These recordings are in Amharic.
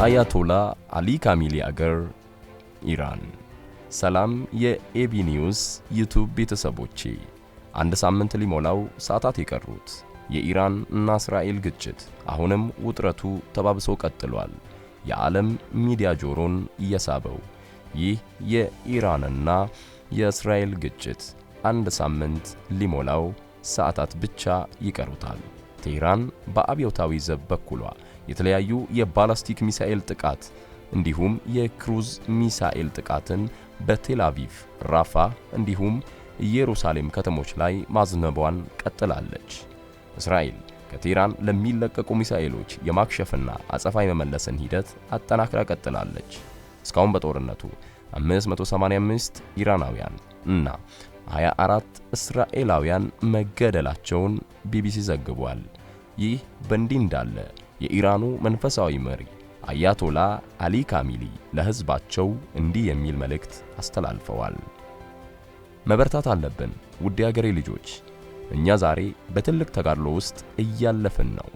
የአያቶላ አሊ ካሚሊ አገር ኢራን። ሰላም የኤቢ ኒውስ ዩቱብ ቤተሰቦቼ፣ አንድ ሳምንት ሊሞላው ሰዓታት የቀሩት የኢራን እና እስራኤል ግጭት አሁንም ውጥረቱ ተባብሶ ቀጥሏል። የዓለም ሚዲያ ጆሮን እየሳበው ይህ የኢራንና የእስራኤል ግጭት አንድ ሳምንት ሊሞላው ሰዓታት ብቻ ይቀሩታል። ቴህራን በአብዮታዊ ዘብ በኩሏ የተለያዩ የባላስቲክ ሚሳኤል ጥቃት እንዲሁም የክሩዝ ሚሳኤል ጥቃትን በቴል አቪቭ፣ ራፋ እንዲሁም ኢየሩሳሌም ከተሞች ላይ ማዝነቧን ቀጥላለች። እስራኤል ከቴህራን ለሚለቀቁ ሚሳኤሎች የማክሸፍና አጸፋ የመመለስን ሂደት አጠናክራ ቀጥላለች። እስካሁን በጦርነቱ 585 ኢራናውያን እና 24 እስራኤላውያን መገደላቸውን ቢቢሲ ዘግቧል። ይህ በእንዲህ እንዳለ የኢራኑ መንፈሳዊ መሪ አያቶላ አሊ ካሚሊ ለሕዝባቸው እንዲህ የሚል መልእክት አስተላልፈዋል። መበርታት አለብን ውድ የአገሬ ልጆች፣ እኛ ዛሬ በትልቅ ተጋድሎ ውስጥ እያለፍን ነው።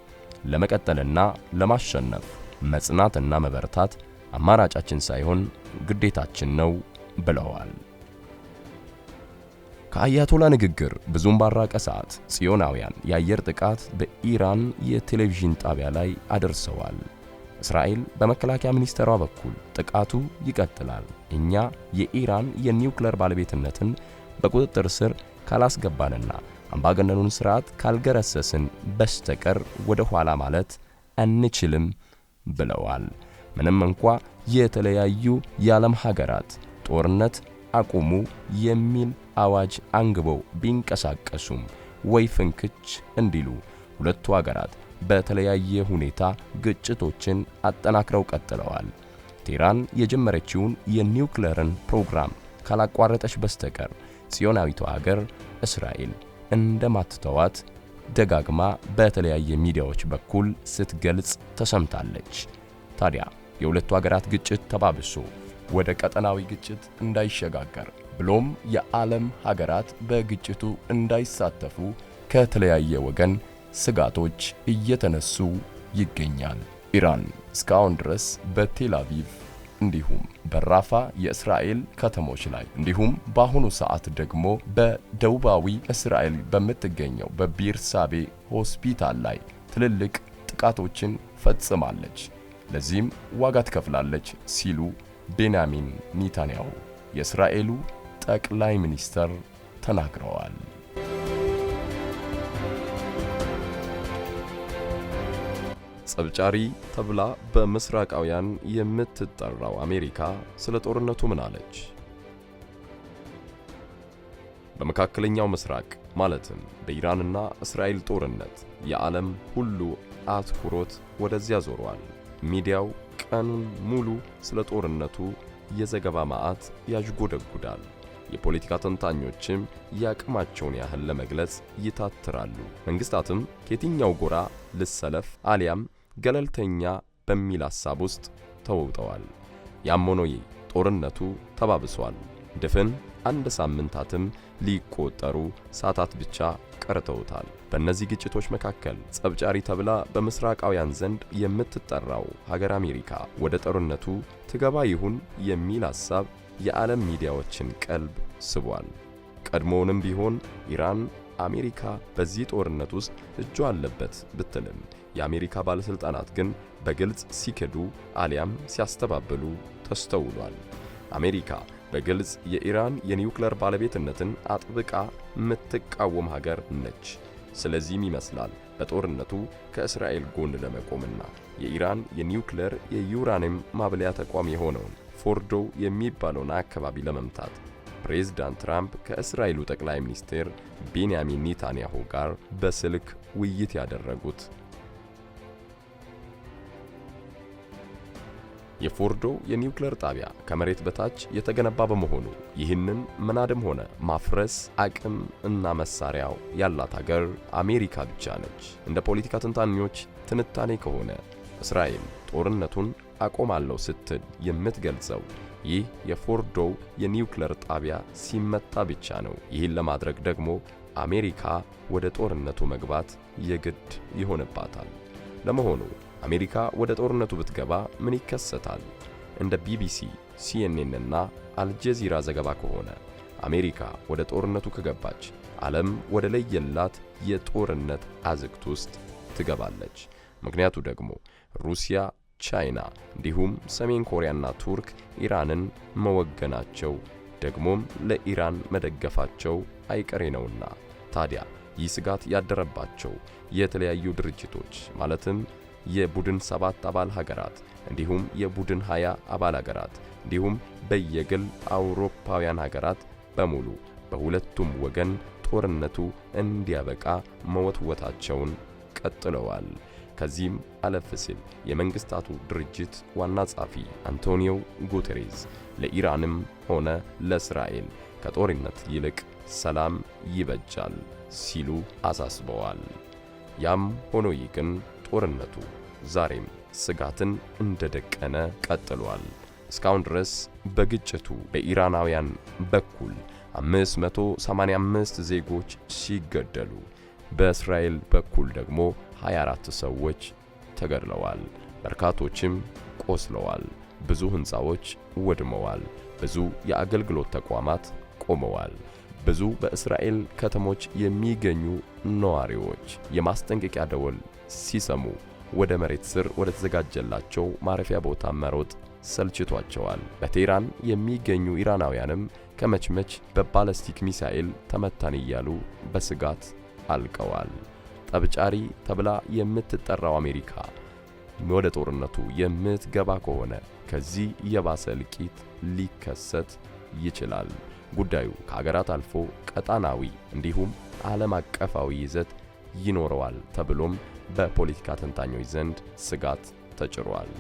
ለመቀጠልና ለማሸነፍ መጽናትና መበርታት አማራጫችን ሳይሆን ግዴታችን ነው ብለዋል። ከአያቶላ ንግግር ብዙም ባራቀ ሰዓት ጽዮናውያን የአየር ጥቃት በኢራን የቴሌቪዥን ጣቢያ ላይ አደርሰዋል። እስራኤል በመከላከያ ሚኒስቴሯ በኩል ጥቃቱ ይቀጥላል፣ እኛ የኢራን የኒውክለር ባለቤትነትን በቁጥጥር ስር ካላስገባንና አምባገነኑን ስርዓት ካልገረሰስን በስተቀር ወደ ኋላ ማለት አንችልም ብለዋል። ምንም እንኳ የተለያዩ የዓለም ሀገራት ጦርነት አቁሙ የሚል አዋጅ አንግበው ቢንቀሳቀሱም ወይ ፍንክች እንዲሉ ሁለቱ አገራት በተለያየ ሁኔታ ግጭቶችን አጠናክረው ቀጥለዋል። ቴራን የጀመረችውን የኒውክለርን ፕሮግራም ካላቋረጠች በስተቀር ጽዮናዊቷ ሀገር እስራኤል እንደማትተዋት ደጋግማ በተለያየ ሚዲያዎች በኩል ስትገልጽ ተሰምታለች። ታዲያ የሁለቱ አገራት ግጭት ተባብሶ ወደ ቀጠናዊ ግጭት እንዳይሸጋገር ብሎም የዓለም ሀገራት በግጭቱ እንዳይሳተፉ ከተለያየ ወገን ስጋቶች እየተነሱ ይገኛል። ኢራን እስካሁን ድረስ በቴል አቪቭ እንዲሁም በራፋ የእስራኤል ከተሞች ላይ እንዲሁም በአሁኑ ሰዓት ደግሞ በደቡባዊ እስራኤል በምትገኘው በቢርሳቤ ሆስፒታል ላይ ትልልቅ ጥቃቶችን ፈጽማለች፣ ለዚህም ዋጋ ትከፍላለች ሲሉ ቤንያሚን ኔታንያሁ የእስራኤሉ ጠቅላይ ሚኒስተር ተናግረዋል። ጸብጫሪ ተብላ በምስራቃውያን የምትጠራው አሜሪካ ስለ ጦርነቱ ምን አለች? በመካከለኛው ምስራቅ ማለትም በኢራንና እስራኤል ጦርነት የዓለም ሁሉ አትኩሮት ወደዚያ ዞሯል። ሚዲያው ቀኑን ሙሉ ስለ ጦርነቱ የዘገባ ማዕት ያዥጎደጉዳል። የፖለቲካ ተንታኞችም የአቅማቸውን ያህል ለመግለጽ ይታትራሉ። መንግስታትም ከየትኛው ጎራ ልሰለፍ አሊያም ገለልተኛ በሚል ሐሳብ ውስጥ ተውጠዋል። ያም ሆኖ ጦርነቱ ተባብሷል። ድፍን አንድ ሳምንታትም ሊቆጠሩ ሰዓታት ብቻ ቀርተውታል። በእነዚህ ግጭቶች መካከል ጸብጫሪ ተብላ በምስራቃውያን ዘንድ የምትጠራው ሀገር አሜሪካ ወደ ጦርነቱ ትገባ ይሁን የሚል ሐሳብ የዓለም ሚዲያዎችን ቀልብ ስቧል። ቀድሞውንም ቢሆን ኢራን አሜሪካ በዚህ ጦርነት ውስጥ እጇ አለበት ብትልም የአሜሪካ ባለሥልጣናት ግን በግልጽ ሲክዱ አሊያም ሲያስተባብሉ ተስተውሏል። አሜሪካ በግልጽ የኢራን የኒውክለር ባለቤትነትን አጥብቃ የምትቃወም ሀገር ነች። ስለዚህም ይመስላል በጦርነቱ ከእስራኤል ጎን ለመቆምና የኢራን የኒውክለር የዩራኒየም ማብለያ ተቋም የሆነውን ፎርዶ የሚባለውን አካባቢ ለመምታት ፕሬዝዳንት ትራምፕ ከእስራኤሉ ጠቅላይ ሚኒስትር ቤንያሚን ኔታንያሁ ጋር በስልክ ውይይት ያደረጉት የፎርዶ የኒውክሌር ጣቢያ ከመሬት በታች የተገነባ በመሆኑ ይህንን መናድም ሆነ ማፍረስ አቅም እና መሳሪያው ያላት ሀገር አሜሪካ ብቻ ነች። እንደ ፖለቲካ ትንታኞች ትንታኔ ከሆነ እስራኤል ጦርነቱን አቆማለሁ ስትል የምትገልጸው ይህ የፎርዶ የኒውክሌር ጣቢያ ሲመታ ብቻ ነው። ይህን ለማድረግ ደግሞ አሜሪካ ወደ ጦርነቱ መግባት የግድ ይሆንባታል። ለመሆኑ አሜሪካ ወደ ጦርነቱ ብትገባ ምን ይከሰታል? እንደ ቢቢሲ፣ ሲኤንኤን እና አልጀዚራ ዘገባ ከሆነ አሜሪካ ወደ ጦርነቱ ከገባች ዓለም ወደ ለየላት የጦርነት አዝቅት ውስጥ ትገባለች። ምክንያቱ ደግሞ ሩሲያ፣ ቻይና እንዲሁም ሰሜን ኮሪያና ቱርክ ኢራንን መወገናቸው ደግሞም ለኢራን መደገፋቸው አይቀሬ ነውና። ታዲያ ይህ ስጋት ያደረባቸው የተለያዩ ድርጅቶች ማለትም የቡድን ሰባት አባል ሀገራት እንዲሁም የቡድን 20 አባል ሀገራት እንዲሁም በየግል አውሮፓውያን ሀገራት በሙሉ በሁለቱም ወገን ጦርነቱ እንዲያበቃ መወትወታቸውን ቀጥለዋል። ከዚህም አለፍ ሲል የመንግስታቱ ድርጅት ዋና ጸሐፊ አንቶኒዮ ጉቴሬዝ ለኢራንም ሆነ ለእስራኤል ከጦርነት ይልቅ ሰላም ይበጃል ሲሉ አሳስበዋል። ያም ሆኖ ይህ ግን ጦርነቱ ዛሬም ስጋትን እንደደቀነ ቀጥሏል። እስካሁን ድረስ በግጭቱ በኢራናውያን በኩል 585 ዜጎች ሲገደሉ በእስራኤል በኩል ደግሞ 24 ሰዎች ተገድለዋል። በርካቶችም ቆስለዋል። ብዙ ሕንፃዎች ወድመዋል። ብዙ የአገልግሎት ተቋማት ቆመዋል። ብዙ በእስራኤል ከተሞች የሚገኙ ነዋሪዎች የማስጠንቀቂያ ደወል ሲሰሙ ወደ መሬት ስር ወደ ተዘጋጀላቸው ማረፊያ ቦታ መሮጥ ሰልችቷቸዋል። በቴህራን የሚገኙ ኢራናውያንም ከመችመች በባለስቲክ ሚሳኤል ተመታን እያሉ በስጋት አልቀዋል። ጠብጫሪ ተብላ የምትጠራው አሜሪካ ወደ ጦርነቱ የምትገባ ከሆነ ከዚህ የባሰ እልቂት ሊከሰት ይችላል። ጉዳዩ ከሀገራት አልፎ ቀጣናዊ እንዲሁም ዓለም አቀፋዊ ይዘት ይኖረዋል ተብሎም በፖለቲካ ተንታኞች ዘንድ ስጋት ተጭሯል።